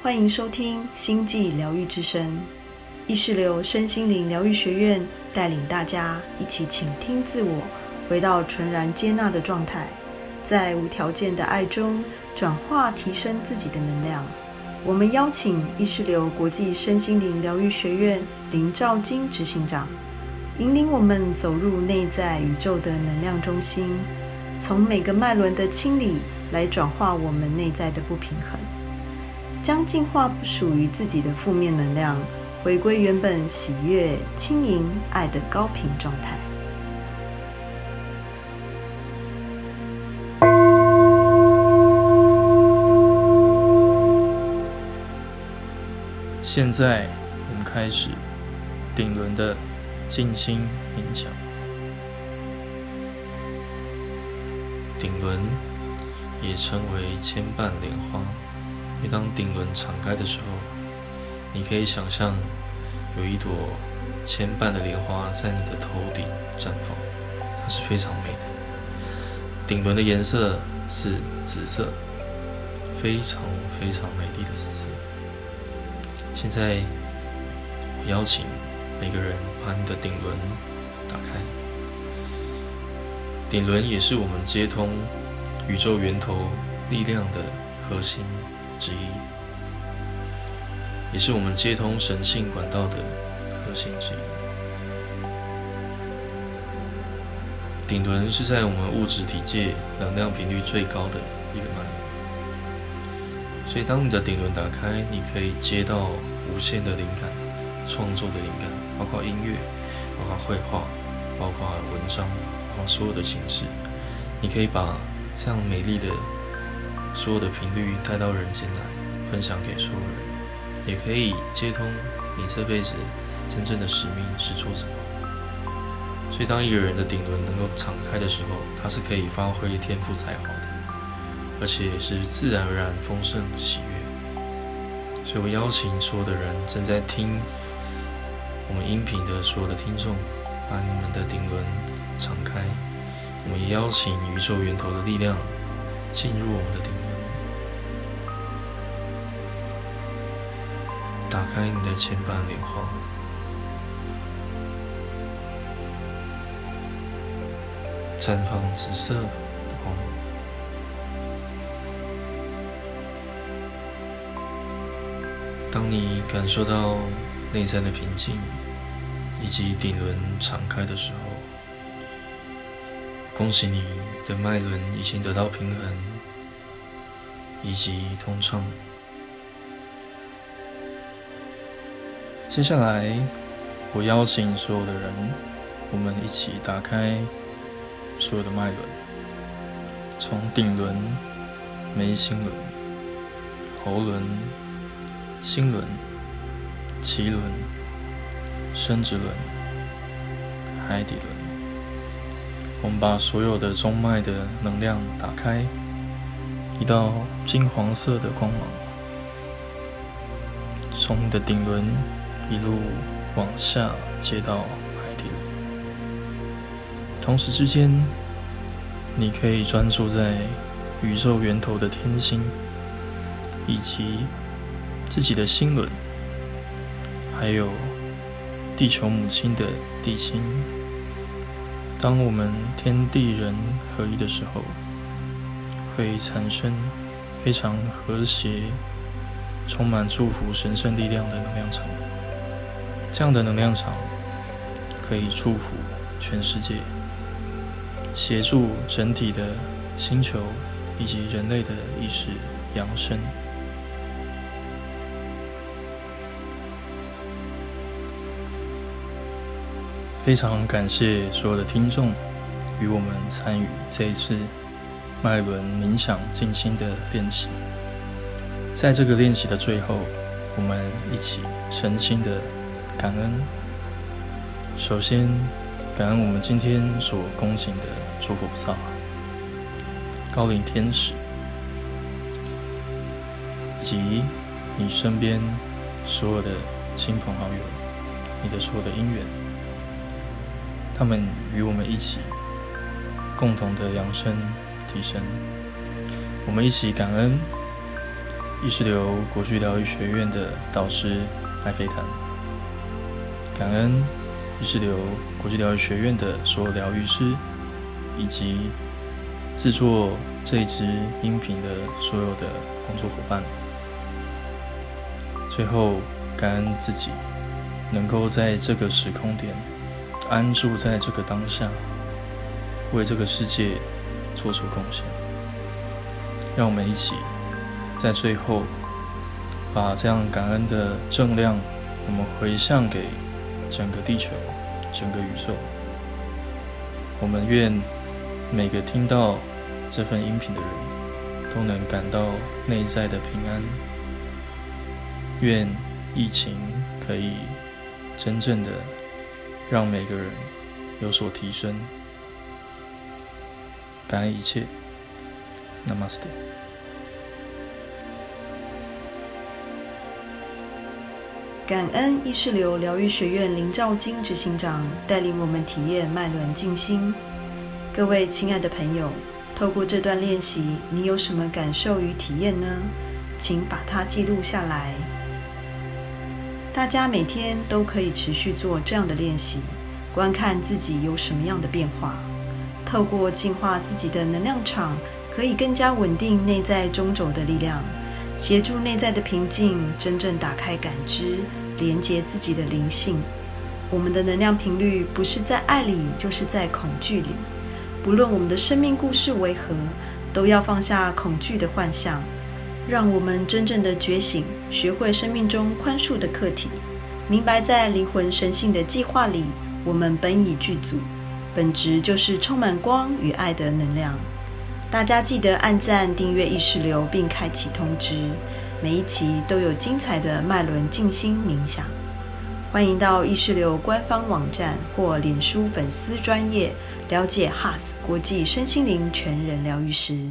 歡迎收聽《星際療癒之聲》，藝識流身心靈療癒學院帶領大家一起傾聽自我，回到純然接納的狀態，在無條件的愛中轉化提升自己的能量。我們邀請藝識流國際身心靈療癒學院林兆金執行長，引領我們走入內在宇宙的能量中心，從每個脈輪的清理來轉化我們內在的不平衡。將淨化不屬於自己的負面能量，回歸原本喜悅、輕盈、愛的高頻狀態。現在，我們開始頂輪的靜心冥想。頂輪，也稱為千瓣蓮花。每當頂輪敞開的時候，你可以想象有一朵千瓣的蓮花在你的頭頂綻放，它是非常美的。頂輪的顏色是紫色，非常非常美麗的紫色。現在，我邀請每個人把你的頂輪打開。頂輪也是我們接通宇宙源頭力量的核心，之一，也是我們接通神性管道的核心之一。頂輪是在我們物質體界能量頻率最高的一個脈。所以，當你的頂輪打開，你可以接到無限的靈感、創作的靈感，包括音樂、包括繪畫、包括文章、包括所有的形式。你可以把這樣美麗的所有的頻率帶到人間來，分享給所有人，也可以接通你這輩子真正的使命是做什麼。所以，當一個人的頂輪能夠敞開的時候，他是可以發揮天賦才華的，而且是自然而然豐盛的喜悅。所以我邀請所有的人，正在聽我們音頻的所有的聽眾，把你們的頂輪敞開。我們也邀請宇宙源頭的力量進入我們的頂輪。打開你的千瓣蓮花，綻放紫色的光。當你感受到內在的平靜，以及頂輪敞開的時候，恭喜你的脈輪已經得到平衡，以及通暢。接下來，我邀請所有的人，我們一起打開所有的脈輪，從頂輪、眉心輪、喉輪、心輪、臍輪、生殖輪、海底輪，我們把所有的中脈的能量打開，一道金黃色的光芒從你的頂輪。一路往下接到海底輪，同時之間，你可以專注在宇宙源頭的天星，以及自己的心輪，還有地球母親的地心。當我們天地人合一的時候，會產生非常和諧、充滿祝福、神聖力量的能量場。這樣的能量場可以祝福全世界，協助整體的星球以及人類的意識揚升。非常感謝所有的聽眾與我們參與這一次脈輪冥想靜心的練習。在這個練習的最後，我們一起誠心的。感恩。首先，感恩我們今天所恭請的諸菩薩、高齡天使，以及你身邊所有的親朋好友、你的所有的姻緣，他們與我們一起共同的揚升提升。我們一起感恩藝識流國際療癒學院的導師艾菲騰。感恩藝識流國際療癒學院的所有療癒師，以及製作這一支音頻的所有的工作夥伴。最後，感恩自己能夠在這個時空點安住在這個當下，為這個世界做出貢獻。讓我們一起在最後把這樣感恩的正量，我們回向給。整個地球，整個宇宙，我們願每個聽到這份音頻的人都能感到內在的平安。願疫情可以真正的讓每個人有所提升。感恩一切，Namaste。Nam 感恩藝識流療癒學院林兆金執行長帶領我們體驗脈輪靜心。各位親愛的朋友，透過這段練習，你有什麼感受與體驗呢？請把它記錄下來。大家每天都可以持續做這樣的練習，觀看自己有什麼樣的變化。透過淨化自己的能量場，可以更加穩定內在中軸的力量。協助內在的平靜，真正打開感知，連接自己的靈性。我們的能量頻率不是在愛裡，就是在恐懼裡。不論我們的生命故事為何，都要放下恐懼的幻象，讓我們真正的覺醒，學會生命中寬恕的課題，明白在靈魂神性的計劃裡，我們本已具足，本質就是充滿光與愛的能量。大家記得按讚、訂閱意識流，並開啟通知。每一期都有精彩的脈輪靜心冥想。歡迎到意識流官方網站或臉書粉絲專頁，了解 HAS 國際身心靈全人療癒師。